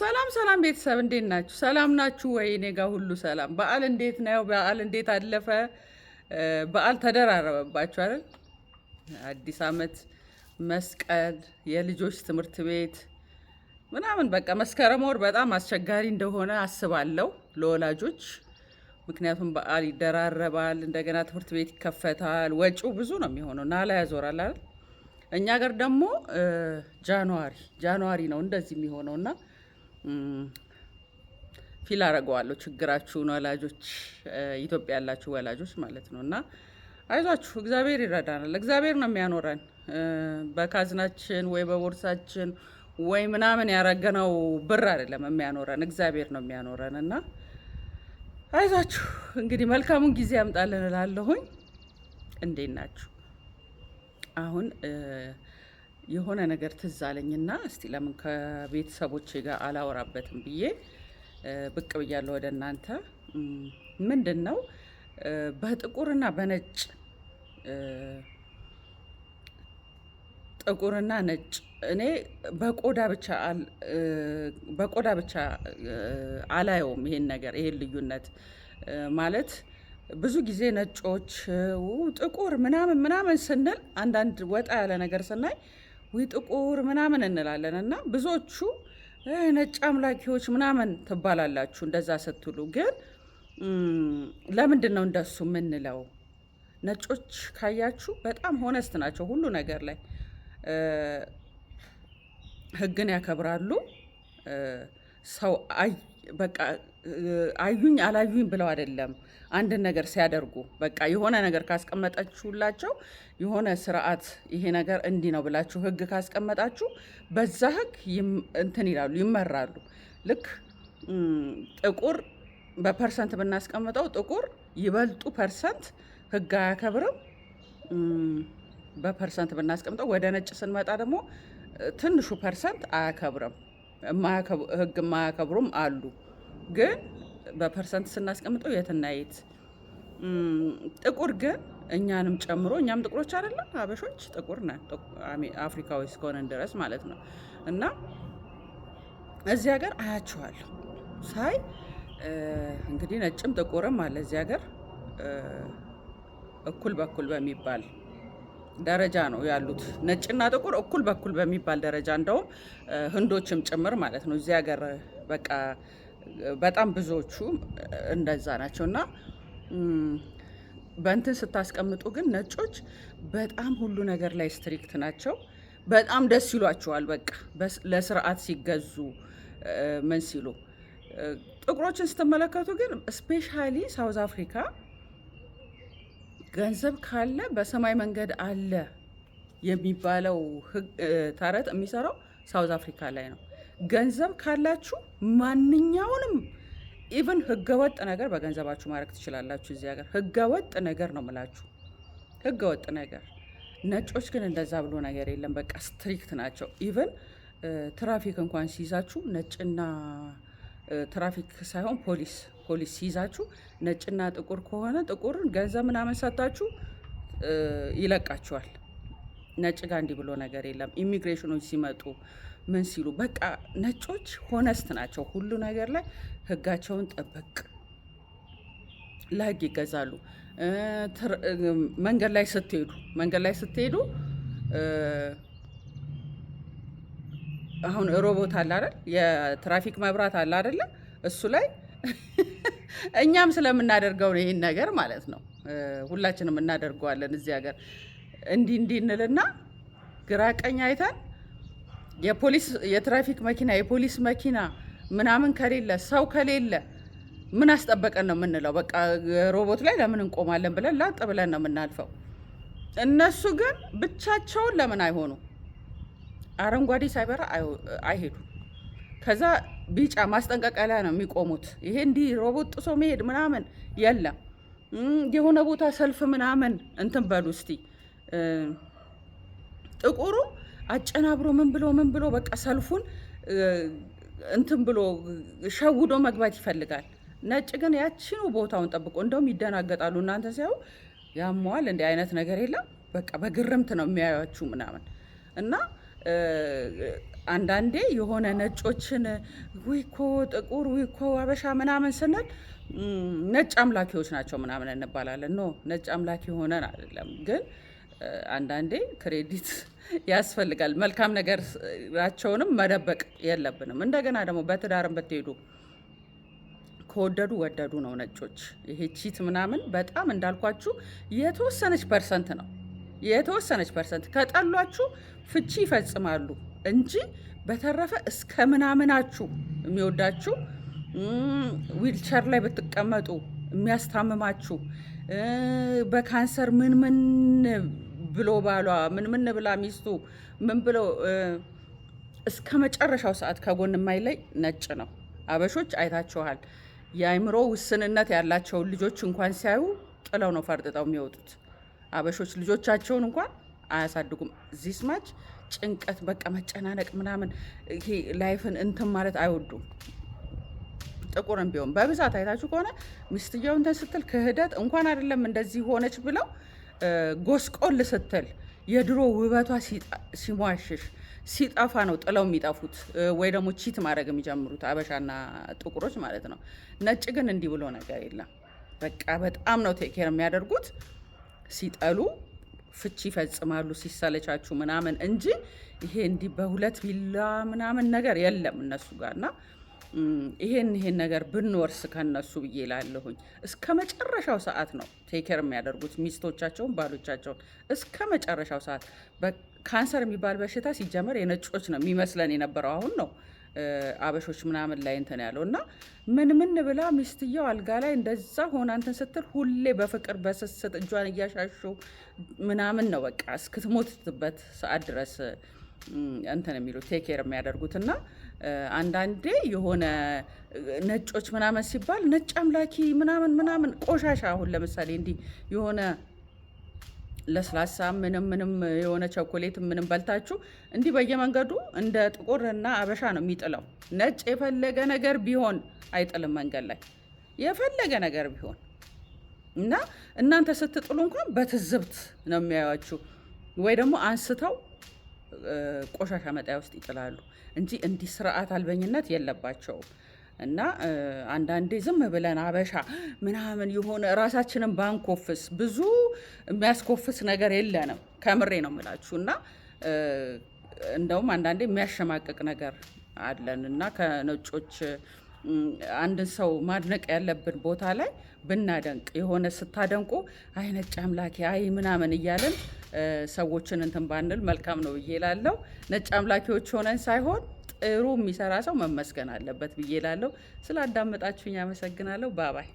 ሰላም ሰላም ቤተሰብ እንዴት ናችሁ? ሰላም ናችሁ ወይ? እኔ ጋር ሁሉ ሰላም። በዓል እንዴት ነው? በዓል እንዴት አለፈ? በዓል ተደራረበባችሁ አይደል? አዲስ ዓመት፣ መስቀል፣ የልጆች ትምህርት ቤት ምናምን በቃ መስከረም ወር በጣም አስቸጋሪ እንደሆነ አስባለሁ ለወላጆች። ምክንያቱም በዓል ይደራረባል፣ እንደገና ትምህርት ቤት ይከፈታል፣ ወጪው ብዙ ነው የሚሆነው፣ ናላ ያዞራል አይደል? እኛ ሀገር ደግሞ ጃንዋሪ ጃንዋሪ ነው እንደዚህ የሚሆነውና ፊል አረገዋለሁ ችግራችሁን ወላጆች፣ ኢትዮጵያ ያላችሁ ወላጆች ማለት ነው። እና አይዟችሁ፣ እግዚአብሔር ይረዳናል። እግዚአብሔር ነው የሚያኖረን። በካዝናችን ወይ በቦርሳችን ወይ ምናምን ያረገነው ብር አይደለም የሚያኖረን፣ እግዚአብሔር ነው የሚያኖረን። እና አይዟችሁ እንግዲህ መልካሙን ጊዜ ያምጣልን እላለሁኝ። እንዴት ናችሁ አሁን የሆነ ነገር ትዝ አለኝና እስቲ ለምን ከቤተሰቦቼ ጋር አላወራበትም ብዬ ብቅ ብያለሁ ወደ እናንተ። ምንድን ነው በጥቁርና በነጭ ጥቁርና ነጭ እኔ በቆዳ ብቻ በቆዳ ብቻ አላየውም ይሄን ነገር ይሄን ልዩነት ማለት ብዙ ጊዜ ነጮች ጥቁር ምናምን ምናምን ስንል አንዳንድ ወጣ ያለ ነገር ስናይ ወይ ጥቁር ምናምን እንላለን እና ብዙዎቹ ነጭ አምላኪዎች ምናምን ትባላላችሁ። እንደዛ ስትሉ ግን ለምንድን ነው እንደሱ የምንለው? ነጮች ካያችሁ በጣም ሆነስት ናቸው ሁሉ ነገር ላይ ህግን ያከብራሉ። ሰው በቃ አዩኝ አላዩኝ ብለው አይደለም አንድን ነገር ሲያደርጉ በቃ የሆነ ነገር ካስቀመጣችሁላቸው የሆነ ስርዓት ይሄ ነገር እንዲህ ነው ብላችሁ ህግ ካስቀመጣችሁ በዛ ህግ እንትን ይላሉ ይመራሉ። ልክ ጥቁር በፐርሰንት ብናስቀምጠው ጥቁር ይበልጡ ፐርሰንት ህግ አያከብርም። በፐርሰንት ብናስቀምጠው ወደ ነጭ ስንመጣ ደግሞ ትንሹ ፐርሰንት አያከብርም። ህግ የማያከብሩም አሉ። ግን በፐርሰንት ስናስቀምጠው የትና የት ጥቁር ግን እኛንም ጨምሮ እኛም ጥቁሮች አይደለም አበሾች ጥቁር ነን፣ አፍሪካዊ እስከሆነን ድረስ ማለት ነው። እና እዚህ ሀገር አያችኋለሁ ሳይ እንግዲህ ነጭም ጥቁርም አለ እዚህ ሀገር እኩል በኩል በሚባል ደረጃ ነው ያሉት። ነጭና ጥቁር እኩል በኩል በሚባል ደረጃ እንደውም ህንዶችም ጭምር ማለት ነው እዚህ ሀገር በቃ በጣም ብዙዎቹ እንደዛ ናቸው እና በእንትን ስታስቀምጡ ግን ነጮች በጣም ሁሉ ነገር ላይ ስትሪክት ናቸው። በጣም ደስ ይሏቸዋል። በቃ ለስርዓት ሲገዙ ምን ሲሉ ጥቁሮችን ስትመለከቱ ግን ስፔሻሊ ሳውዝ አፍሪካ ገንዘብ ካለ በሰማይ መንገድ አለ የሚባለው ተረት የሚሰራው ሳውዝ አፍሪካ ላይ ነው። ገንዘብ ካላችሁ ማንኛውንም ኢቨን ህገወጥ ነገር በገንዘባችሁ ማድረግ ትችላላችሁ። እዚህ ሀገር ህገወጥ ነገር ነው ምላችሁ፣ ህገወጥ ነገር። ነጮች ግን እንደዛ ብሎ ነገር የለም። በቃ ስትሪክት ናቸው። ኢቨን ትራፊክ እንኳን ሲይዛችሁ ነጭና ትራፊክ ሳይሆን ፖሊስ ፖሊስ ሲይዛችሁ ነጭና ጥቁር ከሆነ ጥቁርን ገንዘብ ምናምን ሰታችሁ ይለቃችኋል። ነጭ ጋር እንዲህ ብሎ ነገር የለም። ኢሚግሬሽኖች ሲመጡ ምን ሲሉ በቃ ነጮች ሆነስት ናቸው። ሁሉ ነገር ላይ ህጋቸውን ጠበቅ ለህግ ይገዛሉ። መንገድ ላይ ስትሄዱ መንገድ ላይ ስትሄዱ አሁን ሮቦት አለ አይደል? የትራፊክ መብራት አለ አይደለ? እሱ ላይ እኛም ስለምናደርገው ነው ይህን ነገር ማለት ነው። ሁላችንም እናደርገዋለን እዚህ ሀገር እንዲህ እንዲህ እንልና ግራ ቀኝ አይተን የፖሊስ የትራፊክ መኪና የፖሊስ መኪና ምናምን ከሌለ ሰው ከሌለ ምን አስጠበቀን ነው የምንለው? በቃ ሮቦት ላይ ለምን እንቆማለን ብለን ላጥ ብለን ነው የምናልፈው። እነሱ ግን ብቻቸውን ለምን አይሆኑ? አረንጓዴ ሳይበራ አይሄዱም። ከዛ ቢጫ ማስጠንቀቂያ ነው የሚቆሙት። ይሄ እንዲህ ሮቦት ጥሶ መሄድ ምናምን የለም። የሆነ ቦታ ሰልፍ ምናምን እንትን በሉ እስቲ። ጥቁሩ አጨናብሮ ምን ብሎ ምን ብሎ በቃ ሰልፉን እንትን ብሎ ሸውዶ መግባት ይፈልጋል። ነጭ ግን ያችኑ ቦታውን ጠብቆ እንደውም ይደናገጣሉ። እናንተ ሲያዩ ያመዋል እንዲህ አይነት ነገር የለም። በቃ በግርምት ነው የሚያዩችሁ ምናምን እና አንዳንዴ የሆነ ነጮችን ዊኮ ጥቁር ዊኮ አበሻ ምናምን ስንል ነጭ አምላኪዎች ናቸው ምናምን እንባላለን። ኖ ነጭ አምላኪ ሆነን አይደለም፣ ግን አንዳንዴ ክሬዲት ያስፈልጋል። መልካም ነገራቸውንም መደበቅ የለብንም። እንደገና ደግሞ በትዳርም ብትሄዱ ከወደዱ ወደዱ ነው። ነጮች ይሄ ቺት ምናምን በጣም እንዳልኳችሁ የተወሰነች ፐርሰንት ነው። የተወሰነች ፐርሰንት ከጠሏችሁ ፍቺ ይፈጽማሉ እንጂ በተረፈ እስከ ምናምናችሁ የሚወዳችሁ ዊልቸር ላይ ብትቀመጡ የሚያስታምማችሁ በካንሰር ምን ምን ብሎ ባሏ ምን ምን ብላ ሚስቱ ምን ብሎ እስከ መጨረሻው ሰዓት ከጎን የማይለይ ነጭ ነው። አበሾች አይታችኋል። የአይምሮ ውስንነት ያላቸውን ልጆች እንኳን ሲያዩ ጥለው ነው ፈርጥጠው የሚወጡት። አበሾች ልጆቻቸውን እንኳን አያሳድጉም። ዚስ ማች ጭንቀት፣ በቃ መጨናነቅ ምናምን ይሄ ላይፍን እንትን ማለት አይወዱም። ጥቁርም ቢሆን በብዛት አይታችሁ ከሆነ ሚስትየው እንትን ስትል ክህደት እንኳን አይደለም እንደዚህ ሆነች ብለው ጎስቆል ስትል የድሮ ውበቷ ሲሟሽሽ ሲጠፋ ነው ጥለው የሚጠፉት፣ ወይ ደግሞ ቺት ማድረግ የሚጀምሩት አበሻና ጥቁሮች ማለት ነው። ነጭ ግን እንዲህ ብሎ ነገር የለም። በቃ በጣም ነው ቴክ ኬር የሚያደርጉት። ሲጠሉ ፍቺ ይፈጽማሉ ሲሰለቻችሁ ምናምን እንጂ ይሄ እንዲህ በሁለት ቢላ ምናምን ነገር የለም እነሱ ጋር እና ይሄን ይሄን ነገር ብንወርስ ከነሱ ብዬ ላለሁኝ እስከ መጨረሻው ሰዓት ነው ቴኬር የሚያደርጉት ሚስቶቻቸውን፣ ባሎቻቸውን እስከ መጨረሻው ሰዓት። ካንሰር የሚባል በሽታ ሲጀመር የነጮች ነው የሚመስለን የነበረው አሁን ነው አበሾች ምናምን ላይ እንትን ያለው እና ምን ምን ብላ ሚስትየው አልጋ ላይ እንደዛ ሆና እንትን ስትል ሁሌ በፍቅር በስስት እጇን እያሻሹ ምናምን ነው በቃ እስክትሞትበት ሰዓት ድረስ እንትን የሚሉ ቴኬር የሚያደርጉት እና አንዳንዴ የሆነ ነጮች ምናምን ሲባል ነጭ አምላኪ ምናምን ምናምን ቆሻሻ አሁን ለምሳሌ እንዲህ የሆነ ለስላሳ ምንም ምንም የሆነ ቸኮሌት ምንም በልታችሁ እንዲህ በየመንገዱ እንደ ጥቁር እና አበሻ ነው የሚጥለው። ነጭ የፈለገ ነገር ቢሆን አይጥልም መንገድ ላይ የፈለገ ነገር ቢሆን እና እናንተ ስትጥሉ እንኳን በትዝብት ነው የሚያያችሁ፣ ወይ ደግሞ አንስተው ቆሻሻ መጣያ ውስጥ ይጥላሉ እንጂ እንዲህ ስርዓት አልበኝነት የለባቸውም። እና አንዳንዴ ዝም ብለን አበሻ ምናምን የሆነ ራሳችንን ባንኮፍስ ብዙ የሚያስኮፍስ ነገር የለንም። ከምሬ ነው የምላችሁ። እና እንደውም አንዳንዴ የሚያሸማቅቅ ነገር አለን እና ከነጮች አንድ ሰው ማድነቅ ያለብን ቦታ ላይ ብናደንቅ የሆነ ስታደንቁ አይ ነጭ አምላኬ አይ ምናምን እያለን ሰዎችን እንትን ባንል መልካም ነው ብዬ እላለሁ። ነጭ አምላኬዎች ሆነን ሳይሆን ጥሩ የሚሰራ ሰው መመስገን አለበት ብዬ ላለሁ። ስላዳመጣችሁኝ አመሰግናለሁ። ባባይ